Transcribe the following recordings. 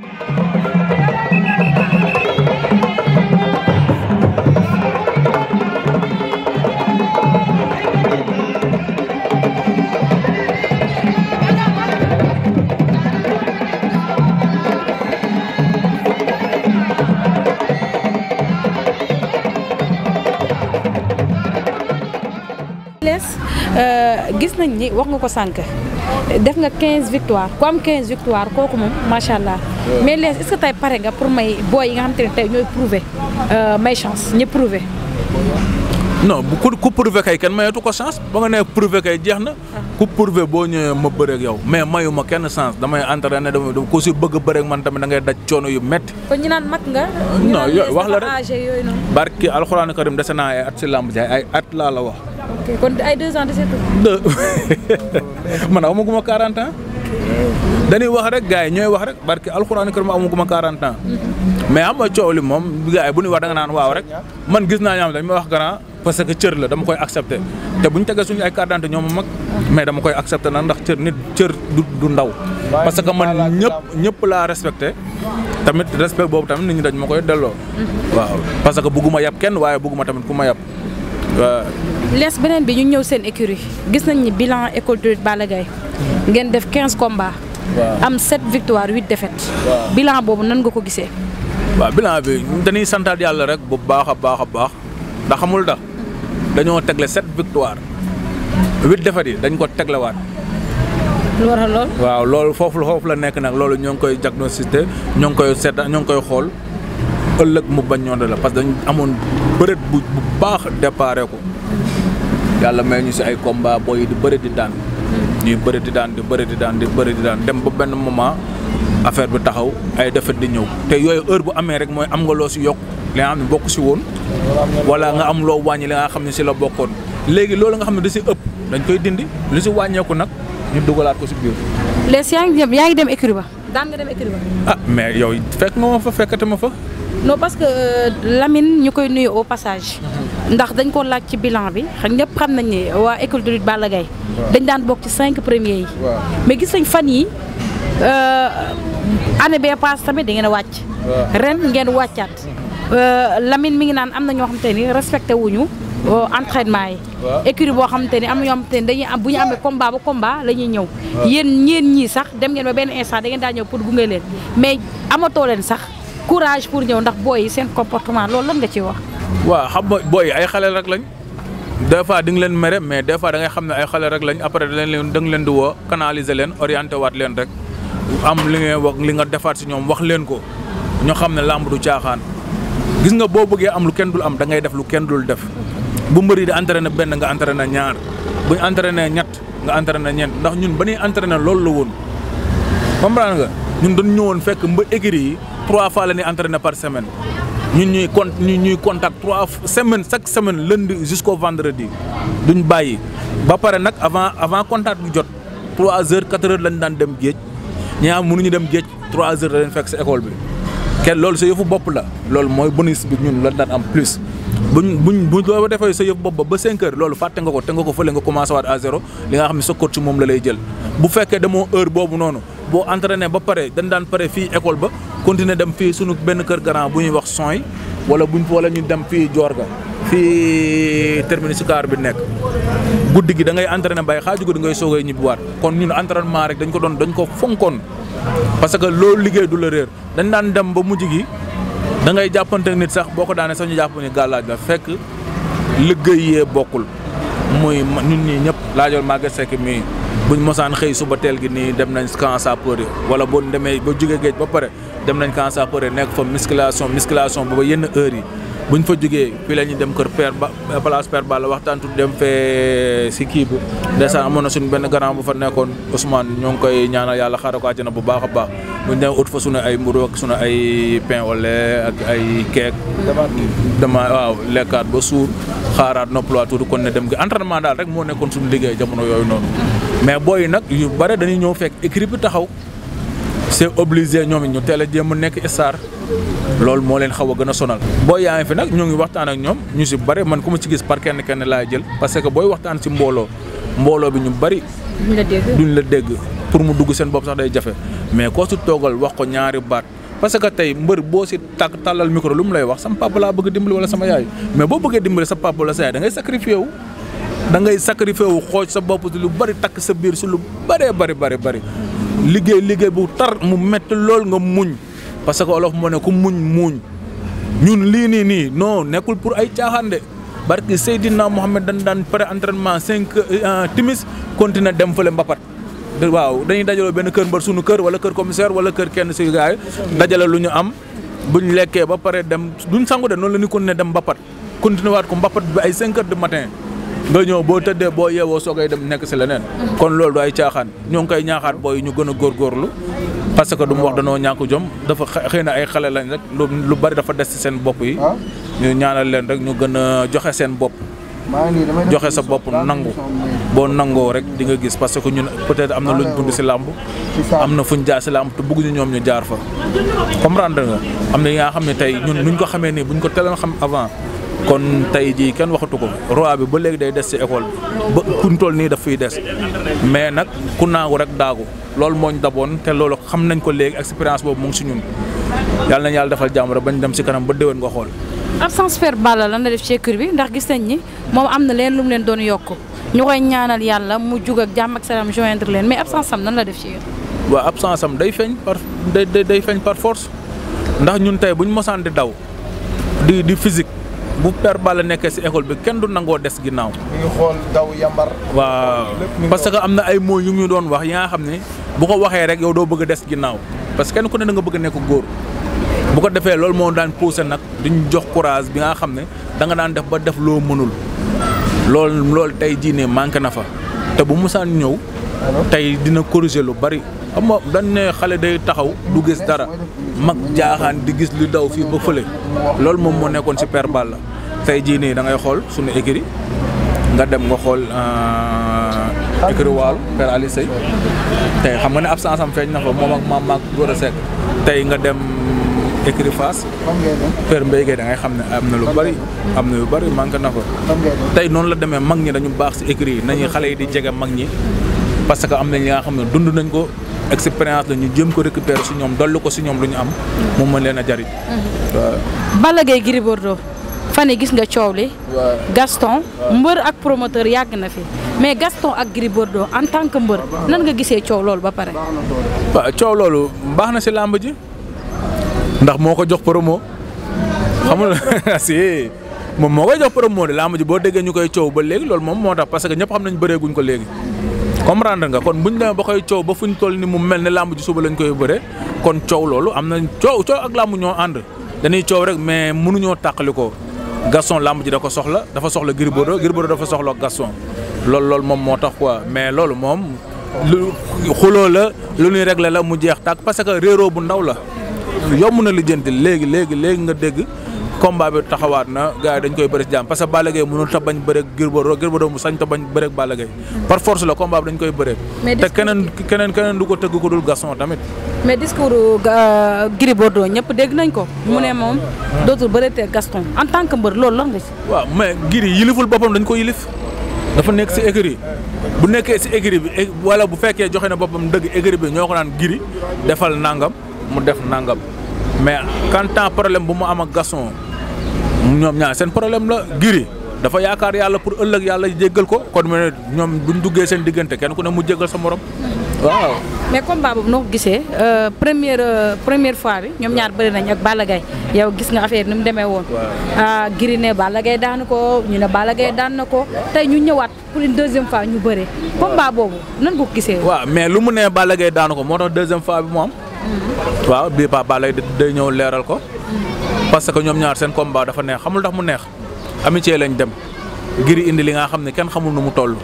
thank you nañ ni wax nga ko sànq def nga 15 victoire ku am 15 victoire kooku moom macha allah mais lees est ce que tey pare nga pour may booy yi nga xam te ne tey ñooy prouver euh, may chance ñu prouver non bu ku ku prouvé kay kenn mayatu ko chance ba nga nee prouvé kay jeex na. Ah. ku prouvé boo ñëwee ma bëreeg yow mais mayu ma kenn chance damay entraîné dama ko si bëgg a man tamit da ngay daj coono yu métti. kon ñu naan mag nga. non yooyu wax la rek barki alxuraan karim dese naa at si làmb ji ay at laa la wax. ok kon ay deux ans de sept amaguma 40 ans. wax rek gars yi ñooy wax rek barki alxuraan karim amaguma 40 ans. Mhm. mais xam nga coow li moom gars yi bu ñuy wax da nga naan waaw rek man gis naa ñaam dañ ma wax grand. parce que cër la dama koy accepté te bu ñu tegee suñu ay carte d'identité ñoom mag mais dama koy accepté nag ndax cër nit cër du du ndaw. parce que man ñëpp ñëpp laa respecté tamit respect boobu tamit nit ñu dañ ma koy delloo. waaw parce que bugguma yab kenn waaye bugguma tamit ku ma yab waaw. lees beneen bi ñu ñëw seen écurie gis nañ ni bilan école de lutte Balla ngeen def 15 combats. am 7 victoires 8 défaites. bilan boobu nan nga ko gisee. waaw bilan bi dañuy santaat yàlla rek bu baax a baax a baax ndax xamul tax dañoo tegle sept victoire huit defar yi dañ ko teglewaat. lu waral lool. waaw loolu foofu la foofu la nekk nag loolu ñoo ngi koy diagnostiqué ñoo ngi koy seet ñoo ngi koy xool ëllëg mu bañ ñoo la parce que dañ amoon bëreet bu bu baax déparé ko yàlla may ñu si ay combat booy di bëri di daan. ñuy bëri di daan di bëri di daan di bëri di daan dem ba benn moment affaire bi taxaw ay defar di ñëw te yooyu heure bu amee rek mooy am nga loo si yokk. li nga xam ne bokk si woon wala nga am loo wàññi li nga xam ne si la bokkoon léegi loolu nga xam ne da si ëpp dañ koy dindi lu si wàññeeku nag ñu dugalaat ko si biir. les yaa ngi dem yaa ngi dem écurie ba daan nga dem écurie ba. ah mais yow fekk nga ma fa fekkate ma fa. non parce que euh, Lamine ñu koy nuyu au passage. ndax dañ ko laaj ci billan bi xam ñëpp xam nañ ne waa école de lutte Balla Gaye dañ daan bokk ci cinq premiers yi. mais gis nañ fan yi euh, année bee paase tamit da ngeen a wàcc. ren ngeen wàccaat. Euh, Lamine mi ngi naan am na ñoo xamante ni respecté wuñu euh, entraînement yi. écurie boo xamante ni am na ñoo xamante ni dañuy am bu ñu amee combat ba combat la ñuy ñëw. yéen ñeen ñii sax dem ngeen ba benn instant da ngeen daa ñëw pour gunge leen mais amatoo leen sax courage pour ñëw ndax booy yi seen comportement loolu lan nga ciy wax. waa xam nga booy ay xale rek lañ. des fois di nga leen mere mais des fois da ngay xam ne ay xale rek lañ après da leen da nga leen di woo canaliser leen orienté waat rek am li ngay li nga defaat si ñoom wax leen ko ñu xam ne làmb du caaxaan. gis nga boo bëggee am lu kenn dul am da ngay def lu kenn dul def bu mbëri di entraîné benn nga entraîné ñaar bu ñu ñett nga entraîné ñeent ndax ñun ba ñuy entraîné loolu la woon comprendre nga ñun dañu ñëwoon fekk mba écurie yi trois fois la ñuy entraîné par semaine ñun ñuy con ñuy contact trois semaine chaque semaine lundi jusqu'au vendredi duñ bàyyi ba pare nag avant avant contact bu jot trois heures quatre heures lañ daan dem géej ñaa mënuñu dem géej trois heures la fekk si école bi kenn loolu sa yëfu bopp la loolu mooy bonus bi ñun la daan am plus buñ buñ bu loo defee sa yëfu bopp ba ba 5 loolu fàtte nga ko te nga ko fële nga commencé waat a zéro li nga xam ne sa coach moom la lay jël bu fekkee demoo heure boobu noonu boo entraîné ba pare dañ daan pare fii école ba continuer dem fii sunu benn kër grand bu ñuy wax son yi wala buñ wala ñu dem fii joor ga fii terminus car bi nekk guddi gi da ngay entraîné bay xaaju guddi ngay soogay ñibbiwaat kon ñun entraînement rek dañ ko doon dañ ko fonkoon parce que loolu liggéey du la réer dañ daan dem ba mujj gi da ngay jàppante nit sax boo ko daanee sax ñu jàpp ni gàllaaj la fekk liggéeyee bokkul muy ñun ñii ñëpp laajool Maguette Seck mi buñ mosaan xëy suba teel gi nii dem nañ camp sapeur wala boo demee ba jógee géej ba pare dem nañ camp sapeur nekk fa musculation musculation ba ba yenn yi buñ fa jógee fii la ñuy dem kër Père Ba place Père Balla waxtaan tuuti dem fee si kii bi ndeysaan amoon na suñu benn grand bu fa nekkoon Ousmane ñoo ngi koy ñaanal yàlla xaaral ko àjjana bu baax a baax buñ dem ut fa suñu ay mburu ak suñu ay pain au ay keek. dama waaw lekkaat ba suur xaaraat noppaluwaat tuuti kon ne dem gi entraînement daal rek moo nekkoon suñu liggéey jamono yooyu noonu mais booy nag yu bare dañuy ñëw fekk équipe bi taxaw. c'est obligé ñoom it ñu teel a jéem mu nekk star lool moo leen xaw a gën a sonal boo yaa fi nag ñoo ngi waxtaan ak ñoom ñu si bëri man ku ma ci gis par kenn kenn laay jël parce que booy waxtaan si mbooloo mbooloo bi ñu bëri. duñ la dégg dégg pour mu dugg seen bopp sax day jafe mais koo si toogal wax ko ñaari baat. parce que tey mbër boo si tàgg tàllal micro lu mu lay wax sama papa laa bëgg dimbali wala sama yaay mais boo bëggee dimbali sa papa wala sa yaay ngay sacrifié wu. da ngay sacrifié wu xooj sa bopp si lu bëri takk sa biir si lu bëree bëri bëri bëri liggéey liggéey bu tar mu métti lool nga muñ parce que olof moo ne ku muñ muñ ñun lii nii nii non nekkul pour ay caaxaan de barki Seydina Mohamed dañ daan pare entraînement cinq euh, timis continuer dem fële mbapat waaw dañuy dajaloo benn kër mbër sunu kër wala kër commissaire wala kër kenn si gaay dajale lu ñu am bu ñu lekkee ba pare dem duñ sangu de noonu la ñu continuer dem mbapat continuer ko mbapat bi ay cinq heures du matin nga ñëw boo tëddee boo yeewoo koy dem nekk si leneen. kon loolu du ay caaxaan ñoo ngi koy ñaaxaat booy ñu gën a góorgóorlu. parce que du mu wax danoo ñàkk jom dafa xëy na ay xale lañ rek lu lu bari dafa des si seen bopp yi. Ah. ñu ñaanal leen rek ñu gën a joxe seen bopp. joxe sa bopp nangu boo nangoo rek di nga gis parce que ñun peut-être am na luñ dund si làmb am na fuñ jaar si làmb te bëgguñu ñoom ñu jaar fa comprendre nga am na yi nga xam ne tey ñun ñu ko xamee nii buñ ko teeloon xam avant kon tey jii kenn waxatu ko roi bi ba léegi day des ci école bi ba ku nii daf fuy des mais nag ku naagu rek daagu loolu moo ñu daboon te loolu xam nañ ko léegi expérience boobu mu ngi ci ñun yàlla nañ yàlla defal jàmm ba bañ dem ci kanam ba déwén nga xool. absence Père Balla lan la def ci écurie bi ndax gis nañ ni moom am na leen lu mu leen doon yokk ñu koy ñaanal yàlla mu jug ak jàmm ak salaam joindre leen mais absence am nan la def ci yéen. waaw absence am day feeñ par day day feeñ par force ndax ñun tey bu ñu mosaan di daw di bu per Balla nekkee si école bi kenn du nangoo des ginnaaw. mi waaw parce que am na ay mots yu ñu doon wax yi nga xam ne bu ko waxee rek yow doo bëgg a des ginnaaw parce que kenn ko ne da nga bëgg a nekk góor bu ko defee loolu moo daan poussé nag duñu jox courage bi nga xam ne danga daan def ba def loo mënul loolu loolu tey jii ne manqué na fa te bu musaan ñëw. tey dina corriger lu bari xam nga dañ ne xale day taxaw du gis dara. mag jaaxaan di gis lu daw fii ba fële loolu moom moo nekkoon si Père la tey jii nii da xool suñu écurie nga dem nga xool euh, écurie Waalo Père Ali tey xam nga ne absence am feeñ na fa moom ak maam maag Gora Seck tey nga dem écurie Fass Père Mbaye Guèye da ngay xam ne am na lu bari am na lu bari manqué na fa tey noonu la demee mag ñi dañu baax si écurie yi nañu xale yi di jege mag ñi parce que am na ñi nga xam ne dund nañ ko expérience la ñu jëm ko récupérer si ñoom dollu ko si ñoom lu ñu am. moom mën leen a jariñ. Mm-hmm. bala Gaye Gris Bordeaux fan gis nga coow li. Gaston mbër ak promoteur yàgg na fi mais Gaston ak Gris Bordeaux en tant que mbër nan nga gisee coow loolu ba pare. waaw coow loolu mbaax na si làmb ji ndax moo ko jox promo xam nga si moom moo koy jox promo de làmb ji boo déggee ñu koy coow ba léegi loolu moom moo tax parce que ñëpp xam nañ bëreeguñ ko léegi. comprendre nga kon bu buñ demee ba koy coow ba fuñ toll ni mu mel ne làmb ji suba lañ koy bëre kon coow loolu am nañ coow coow ak làmb ñoo ànd dañuy coow rek mais mënuñoo tàqali ko gason làmb ji da ko soxla dafa soxla Gris Bordeaux Gris Bordeaux dafa soxla Gaston loolu loolu moom moo tax ko mais loolu moom lu xuloo la lu ñuy régler la mu jeex tàkk parce que réeroo bu ndaw la yomb na lijjanti léegi léegi léegi nga dégg combat taxawaat na gars yi dañ koy bëri si jàmm parce que Balla Gaye mënul ta bañ bëreeg Gris Bordeaux Gris Bordeaux mu sañ ta bañ bëreeg Balla Gaye par force la combat bi dañ koy bëreeg te keneen keneen keneen du ko tëgg ko dul Gaston tamit mais discours euh, Gris Bordeaux ñëpp dégg nañ ko mu ne moom dootul bëreetee Gaston en tant que mbër loolu la nga ci waaw mais Gris yiliful boppam dañ ko yilif dafa nekk si écurie bu nekkee si écurie bi wala bu fekkee joxe na boppam dëgg écurie bi ñoo ko naan giri defal nangam mu def nangam mais quand temps problème bu mu am ak Gaston ñoom ñaa seen problème la giri dafa yaakaar yàlla pour ëllëg yàlla jéggal ko kon mu ne ñoom buñ duggee seen diggante kenn ku ne mu jéggal sa morom waaw. mais combat boobu noo ko gisee euh, première euh, première fois bi ñoom ñaar bëri nañ ak Balla Gaye yow gis nga affaire ni mu demee woon. waaw ah, giri ne Balla Gaye daan ko ñu ne Balla Gaye daan na ko tey ñu ñëwaat pour une deuxième fois ñu bëre. combat boobu nan nga ko gisee. waaw mais lu mu ne Balla Gaye daan ko moo tax deuxième fois bi mu mm-hmm. waaw bii paa Balla Gaye ñëw leeral ko. Mm-hmm. parce que ñoom ñaar seen combat dafa neex xamul ndax mu neex amitié lañ dem ngir indi li nga xam ne kenn xamul nu mu toll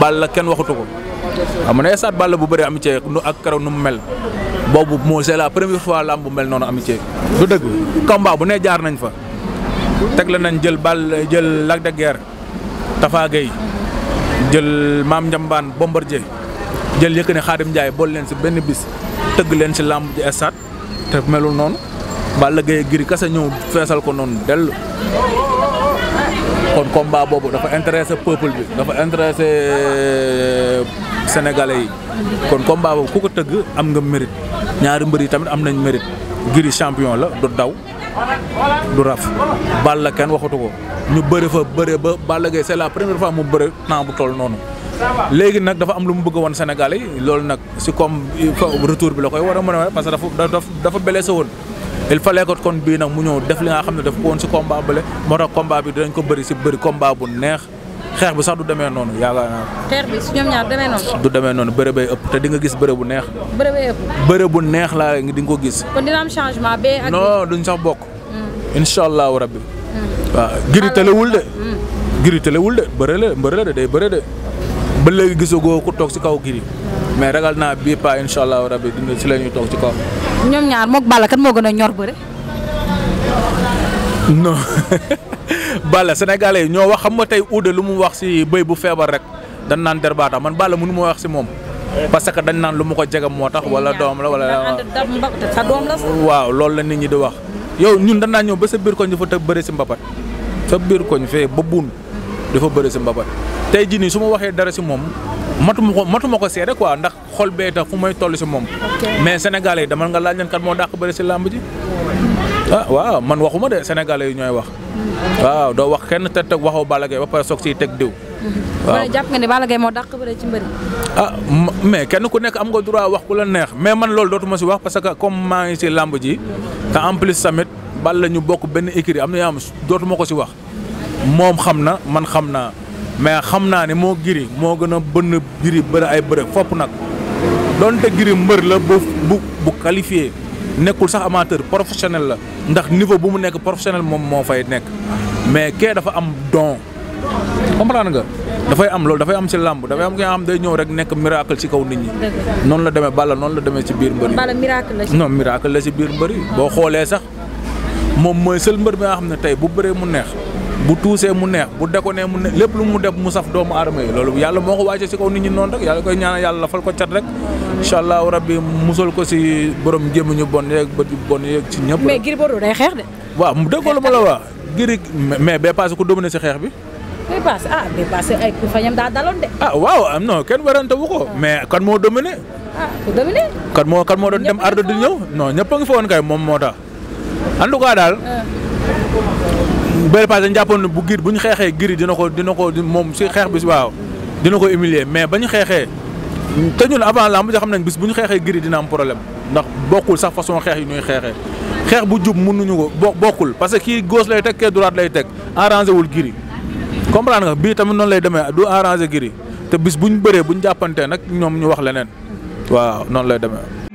Balla kenn waxutu ko xam ne esaat Balla bu bari amitié nu ak keroog nu mu mel boobu moo la première fois lamb bu mel noonu amitié du dëgg combat bu ne jaar nañ fa teg la nañ jël Balla jël Lac de Guiers Tafa jël Maam Njambaan Bombardier jël ne Xaadim Njaay bool leen si benn bis tëgg leen si lamb ji esaat te melul noonu Balla Gaye giri kese ñëw feesal ko noonu dellu kon combat boobu dafa intéressé peuple bi dafa intéressé euh, sénégalais yi kon combat boobu ku ko tëgg am nga mérite ñaari mbër yi tamit am nañ mérite giri champion la du daw du raf Balla kenn waxatu ko ñu bëri fa bëre ba Balla Gaye c'est la première fois mu bëre temps bu toll noonu léegi nag dafa am lu mu bëgg woon Sénégal yi loolu nag si comme retour bi la koy war a mën a parce que dafa dafa blessé woon il fallait que kon bii nag mu ñëw def li nga xam ne daf ko woon si combat bële moo tax combat bi dinañ ko bari si bëri kombaa bu neex xeex bi sax du demee noonu yaakaar demee noonu. du demee noonu bëre bay ëpp te di nga gis bëre bu neex. bëre bay ëpp. bëre bu neex laa di nga ko gis. kon changement bee duñ sax bokk. Mm. incha allahu rabbi. Mm. waaw giri tëlewul de. Mm. giri tëlewul de bëre la de day bëre de ba léegi gisagoo ku toog ci kaw giri mais ragal naa bii pas incha rab rabi dina si la ñuy toog ci kaw. ñoom ñaar moog Balla kat moo gën a ñor bëre. non Balla sénégalais yi ñoo wax xam ma tey uude lu mu wax si bëy bu feebar rek dañ naan derbaata man bala munu ma wax si moom. parce que dañ naan lu mu ko jegam moo tax. wala doom la wala waaw loolu la nit ñi di wax. yow ñun dañ naan ñëw ba sa biir koñ dafa tëb bëre si mbapat sa biir koñ fee ba buun dafa bëre si mbapat tey jii nii su ma waxee dara si moom matuma ko matuma ko seede quoi ndax xol bee tax fu may toll si moom. mais sénégalais yi dama nga laaj leen kat moo dàq bëri si làmb ji. Ah, waaw man waxuma de sénégalais yi ñooy wax. waaw doo wax kenn te teg waxoo Balla Gaye ba pare soog teg diw. Mhm. waaw jàpp nga ne Balla Gaye moo dàq bëri ci mbëri. ah mais kenn ku nekk am nga droit wax ku la neex mais man loolu dootuma si wax parce que comme maa ngi si làmb ji. te en plus tamit Balla ñu bokk benn écurie am na yoo xam dootuma ko si wax. moom xam na man xam naa. mais xam naa ne moo giri moo gën a bënn giri bëri ay bëre fopp nag donte giri mbër la bu bu bu qualifié nekkul sax amateur professionnel la ndax niveau bu mu nekk professionnel moom moo fay nekk mais kee dafa am don comprendre nga dafay am loolu dafay am si làmb dafay am ki nga xam day ñëw rek nekk miracle ci kaw nit ñi. noonu la deme Balla noonu la demee ci biir mbër yi. Balla miracle la ci biir mbër boo xoolee sax moom mooy seul mbër bi nga xam ne tey bu bëree mu neex. bu tuusee mu neex bu dekonee mu ne lépp lu mu def mu saf doomu aadama yi loolu yàlla moo ko wàccee ci kaw nit ñi noonu rek yàlla koy ñaanal yàlla lafal ko cat rek incha allahu rabbi musal ko si borom gémmiñu bon yeeg bët yu bon yeeg ci xeex de. waaw mu déggoo lu ma la wax Gris mais bee si xeex bi. bee paase ah bee paase ay ku fañam daa daloon de. ah waaw non kenn werante wu ko ah. mais kan moo dominé. ah ku dominé. kan moo kan moo doon dem ardo di ñëw non ñëpp a kay moom moo tax en daal ah. bëri paase dañu jàppoon ne bu gir bu ñu xeexee giri dina ko dina ko moom si xeex bi si waaw dina ko humilier mais ba ñu xeexee te ñun avant lamb ja xam nag bis bu ñu xeexee giri dina am problème ndax bokkul sax façon xeex yi ñuy xeexee xeex bu jub mënuñu ko bokkul parce que kii gauche lay teg kee droite lay teg arrangé wul giri comprendre nga bii tamit noonu lay demee du arrangé giri te bis bu ñu bëree bu ñu jàppantee nag ñoom ñu wax leneen waaw noonu lay demee.